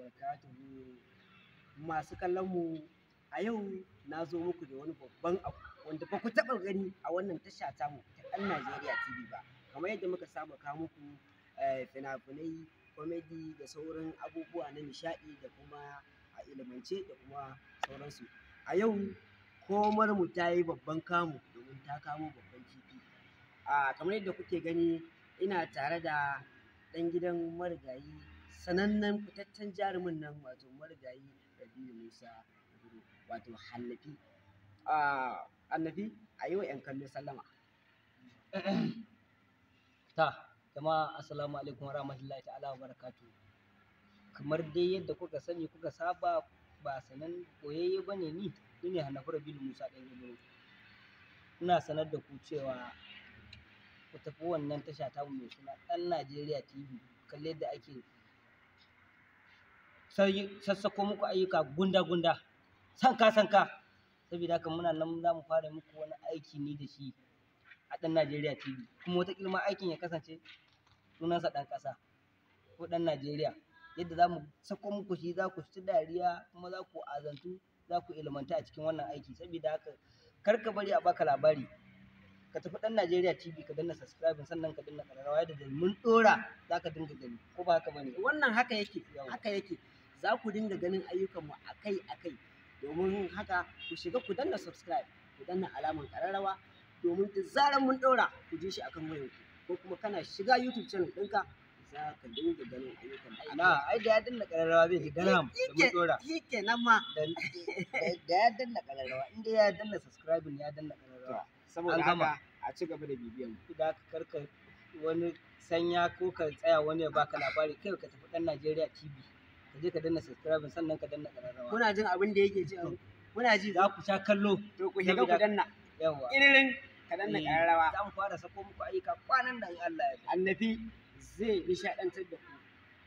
wabarakatuhu masu kallon mu a yau na zo muku da wani babban abu wanda ba ku taɓa gani a wannan tasha ta mu ta ɗan Najeriya TV ba kamar yadda muka saba kawo muku eh, fina-finai komedi da sauran abubuwa na nishaɗi da kuma a ilimance da kuma sauransu a yau komar mu ta yi babban kamu domin ta kamo babban kifi a ah, kamar yadda kuke gani ina tare da ɗan gidan marigayi sanannen fitaccen jarumin nan wato marigayi biyu Musa wato Hannafi annabi a yi wa 'yan kallo sallama ta jama'a assalamu alaikum warahmatullahi ta'ala wa barakatu kamar dai yadda kuka sani kuka saba ba sanan koyayye ba ne ni ni ne Hannafi Rabiu Musa ɗan Ibro ina sanar da ku cewa ku tafi wannan tasha ta mai suna ɗan Najeriya TV kalle da ake sassako muku ayyuka gunda-gunda sanka-sanka saboda haka muna nan za mu fara muku wani aiki ni da shi a ɗan Najeriya TV kuma wata ma aikin ya kasance sunansa ɗan ƙasa ko ɗan Najeriya yadda za mu sako muku shi za ku ci dariya kuma za ku azantu za ku ilmanta a cikin wannan aiki saboda haka kar ka bari a baka labari ka tafi ɗan Najeriya TV ka danna subscribe sannan ka danna da yadda mun ɗora za ka dinga gani ko ba haka bane wannan haka yake haka yake za ku dinga ganin ayyukanmu akai-akai domin haka ku shiga ku danna subscribe ku danna alamar ƙararrawa domin da zarar mun ɗora ku ji shi akan wayanku ko kuma kana shiga YouTube channel ɗinka za ka dinga ganin ayyukan da ana ai da ya danna ƙararrawa zai shiga nan mun ɗora yake nan ma da ya danna ƙararrawa inda ya danna subscribe ya danna ƙararrawa saboda haka a ci gaba da bibiyan ku da karka wani sanya ko ka tsaya wani ya baka labari kai ka tafi ɗan Najeriya TV ka je ka danna subscribe sannan ka danna ƙararrawa kuna jin abin da yake ji kuna ji za ku sha kallo to ku shiga ku danna yawa iririn ka danna eh, ƙararrawa za mu fara sako muku ayyuka kwanan da Allah ya annabi zai nishaɗantar da ku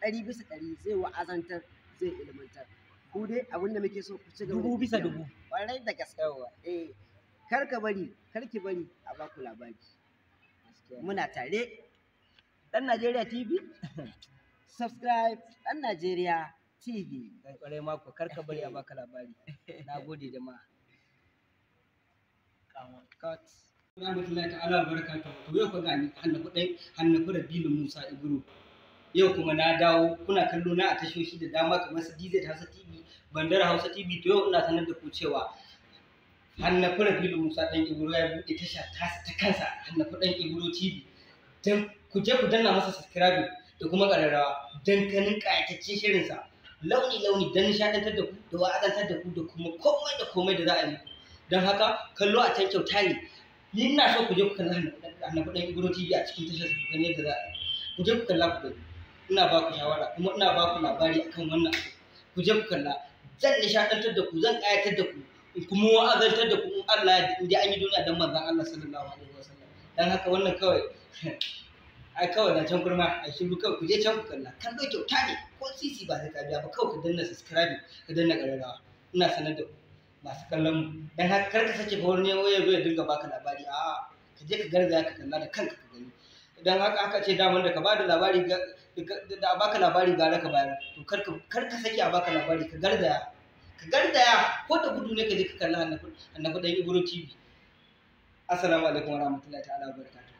ɗari bisa ɗari zai wa'azantar zai ilmantar ku dai abin da muke so ku ci gaba dubu bisa dubu kwarai da gaske eh kar ka bari kar ki bari a baku labari muna tare ɗan Najeriya TV subscribe ɗan Najeriya tigi dan ƙwarai mako kar ka bari a baka labari na gode jama'a cut rahmatullahi ta'ala barakatuhu to yau kaga ni hannu dai hannafu rabilu musa ibro yau kuma na dawo kuna kallo na a tashoshi da dama kamar su DZ Hausa TV Bandar Hausa TV to yau ina sanar da ku cewa hannafu rabilu musa dan ibro ya buɗe tasha ta ta kansa hannu dan ibro TV dan ku je ku danna masa subscribe da kuma ƙararrawa don ganin ƙayataccen shirinsa launi launi don nishadantar da ku da wa'azantar da ku da kuma komai da komai da za a yi don haka kallo a can kyauta ne ni ina so ku je ku kalla hannafaɗan ibro tv a cikin tashar ku ne da za a yi ku je ku kalla ku gani ina ba ku shawara kuma ina ba ku labari akan wannan ku je ku kalla zan nishadantar da ku zan ƙayatar da ku kuma wa'azantar da ku in Allah ya yi an yi duniya don manzon Allah sallallahu alaihi wasallam dan haka wannan kawai ai kawai na can kurma a bi kawai ku je can ku kalla kallo kyauta ne ko sisi ba sai ka biya ba kawai ka danna subscribe ka danna ƙararrawa ina sanar da masu kallon mu dan haka kar ka sake fawar ne waya zo ya dinga baka labari a ka je ka garzaya ka kalla da kanka ka gani dan haka aka ce damar da ka bada labari da a baka labari gara ka bayar to kar ka kar ka sake a baka labari ka garzaya ka garzaya ko da gudu ne ka je ka kalla annabi annabi dan ibro tv assalamu alaikum warahmatullahi ta'ala wabarakatuh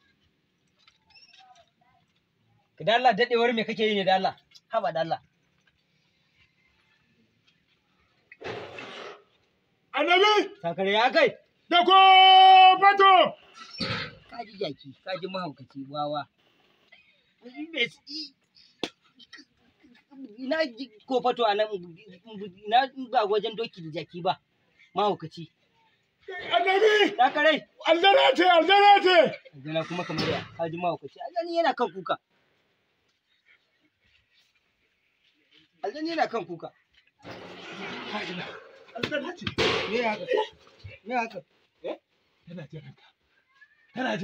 da Allah dadewar me kake yi ne da Allah haba da Allah annabi sakare ya kai da ko fato kaji jaki kaji mahaukaci wawa ina ji ko fato a nan ina ga wajen doki da jaki ba mahaukaci annabi sakare aldana ce aldana ce aldana kuma kamar ya kaji mahaukaci aldani yana kan kuka aljan yana kan kuka eh? tana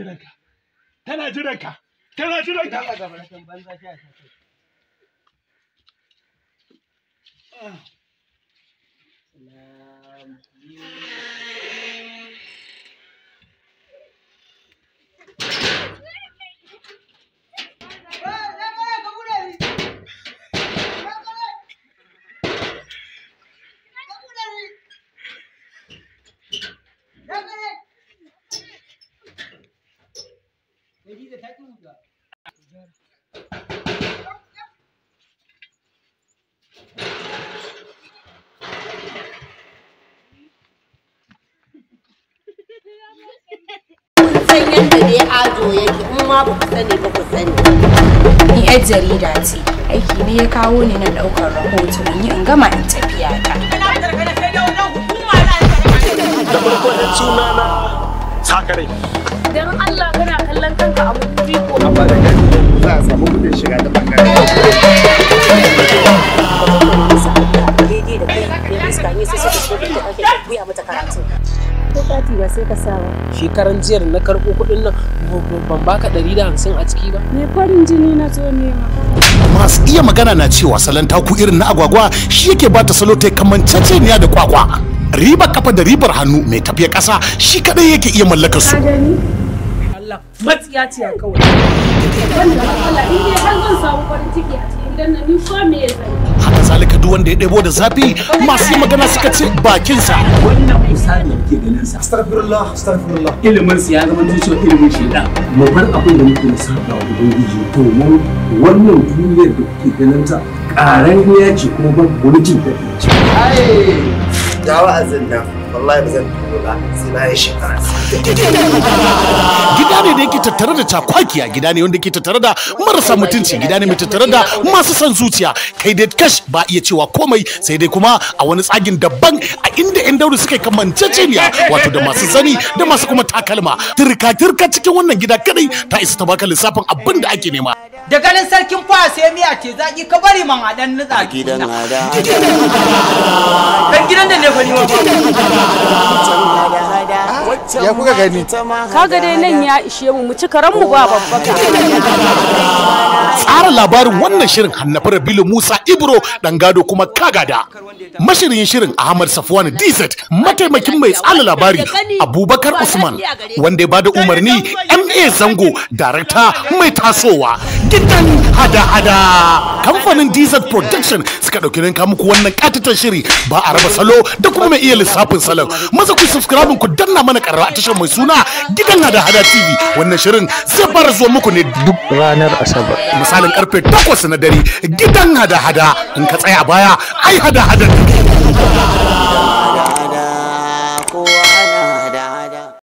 san yadda dai ajo yake in ma ba ku sani ba ku sani ni yar jarida ce aiki ne ya kawo ni na daukar rahoto in yi in gama in tafiya ta da farko da sunana sakare dan Allah kana kallon kanka a mutubi ko a ba da za a samu kudin shiga da bangare daidai da kai ne fuska ne sai suka da kake buya mata karatu ko ba sai ka sa ba shekaran jiyar na karɓo kuɗin nan ban baka ɗari da hamsin a ciki ba me farin jini na zo ma. masu iya magana na cewa salon taku irin na agwagwa shi yake bata salo ta kamanceceniya da kwakwa riba kafa da ribar hannu mai tafiya ƙasa shi kaɗai yake iya mallakar su Allah matsiya ce kawai. Wanda Allah in dai har zan samu farin ciki a haka zalika duk wanda ya ɗebo da zafi masu yi magana suka ce bakinsa wannan misali yake ganin sa astagfirullah astagfirullah ilimin ya zama zuciya ilimin shaidan mu bar abin da muke saba wa ubangiji to mu wannan duniyar da kuke ganin ta ƙaran ya ce kuma babu wani jin daɗi ce ga wa'azin nan wallahi ba zan tuno ba sai na yi shekara gida ne da yake tattare da cakwakiya gida ne wanda ke tattare da marasa mutunci gida ne mai tattare da masu son zuciya kai dai kash ba iya cewa komai sai dai kuma a wani tsagin daban a inda yan dauri suka kamanceceniya wato da masu sani da masu kuma takalma turka turka cikin wannan gida kadai ta isa ta baka lissafin abin da ake nema da ganin sarkin fa sai miya ce zaki ka bari man hadan nutsa gidan gidan da ne ya kuka gani kaga dai nan ya ishe mu mu ci karan mu ba tsara labarin wannan shirin hannafa rabilu musa ibro dan gado kuma kagada mashirin shirin ahmad safwan dz mataimakin mai tsara labari abubakar usman wanda ya bada umarni ma zango darakta mai tasowa gidan hada-hada kamfanin diesel production suka ɗauki ninka muku wannan katatar shiri ba a raba salo da kuma mai iya lissafin salon maza ku subscribe ku danna mana karara a tashar mai suna gidan hada-hada tv wannan shirin zai fara zuwa muku ne duk ranar asabar misalin karfe takwas na dare gidan hada-hada in ka tsaya baya ai hada-hada